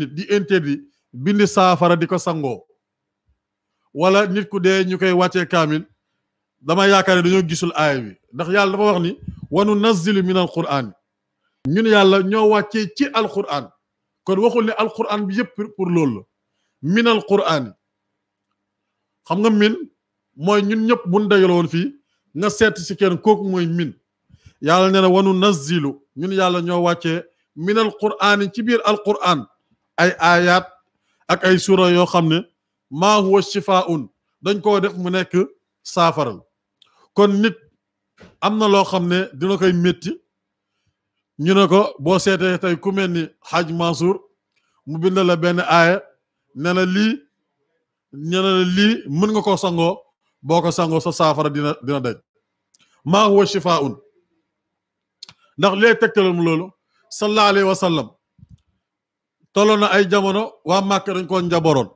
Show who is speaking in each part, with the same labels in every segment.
Speaker 1: nit di interdit bind saafara di ko sangoo wala nit ku dee ñu koy wàccee kaamil dama yaakaar ne dañoo gisul aaya bi ndax yàlla dafa wax ni wanu nazilu min alquraan ñun yàlla ñoo wàccee ci alquraan kon waxul ne alquraan bi yëpp pour loolu la min alquraan xam nga min mooy ñun ñëpp buñ dajale woon fii nga seet si kenn kooku mooy min yàlla nee wanu nazilu ñun yàlla ñoo wàccee min alquraan ci biir alquraan ay ayaat ak ay sura yoo xam ne maa huwa shifaun dañ koo def mu nekk saafaral kon nit am na loo xam ne dina koy metti ñu ne ko boo seetee tey ku mel ni xaaj Mansour mu bind la benn aaya ne la lii ne la lii mën nga koo sangoo boo ko sangoo sa saafara dina dina daj maa huwa shifaun ndax lee tegtalum loolu sallallahu alayhi wa sallam tolloon na ay jamono waa Màkka dañ koo njabaroon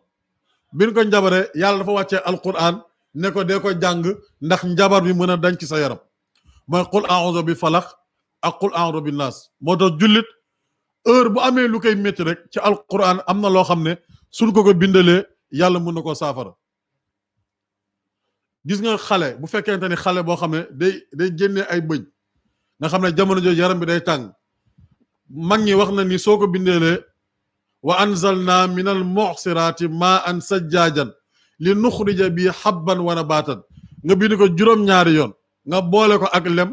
Speaker 1: biñ ko njabaree yàlla dafa wàccee alquran ne neko dee ko jàng ndax njabar bi mën a dañ ci sa yaram mooy qul a'udhu bi falaq ak qul a'udhu bi naas moo to julit heure bu amee lu koy metti rek ci alquran am na loo xam ne suñ ko ko bindalee yàlla mën na ko saafara gis nga xale bu fekkente ni xale boo xam ne day day génnee ay bëñ nga xam ne jamono jooju yaram bi day tàng mag ñi wax na ni soo ko bindeelee wa anzalna min al muxsiraati maa an sajjaajan li nuxrija bi xabban wa nabaatan nga bind ko juróom-ñaari yoon nga boole ko ak lem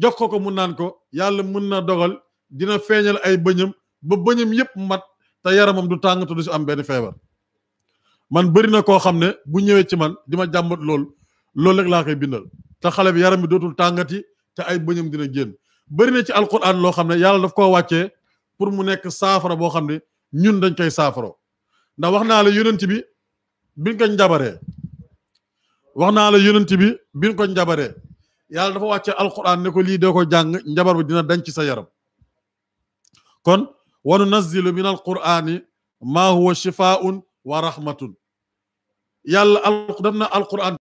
Speaker 1: jox ko ko mu naan ko yàlla mën na dogal dina feeñal ay bëñam ba bëñam yépp mat te yaramam du tàng te du si am benn feebar man bëri na koo xam ne bu ñëwee ci man di ma jàmbat loolu loolu rek laa koy bindal te xale bi yaram bi dootul tàngati te ay bëñam dina jën bëri na ci alquran loo xam ne yàlla daf koo wàccee pour mu nekk saafara boo xam ne ñun dañ koy saafaro ndax wax naa la yonent bi biñ ko njabaree wax naa la yonent bi biñ ko njabaree yàlla dafa wàcce alquran ne ko lii doo ko jàng njabar bi dina dañ ci sa yaram kon wa nunazzilu min alqurani ma huwa shifaun wa rahmatun yàlla al def na alquran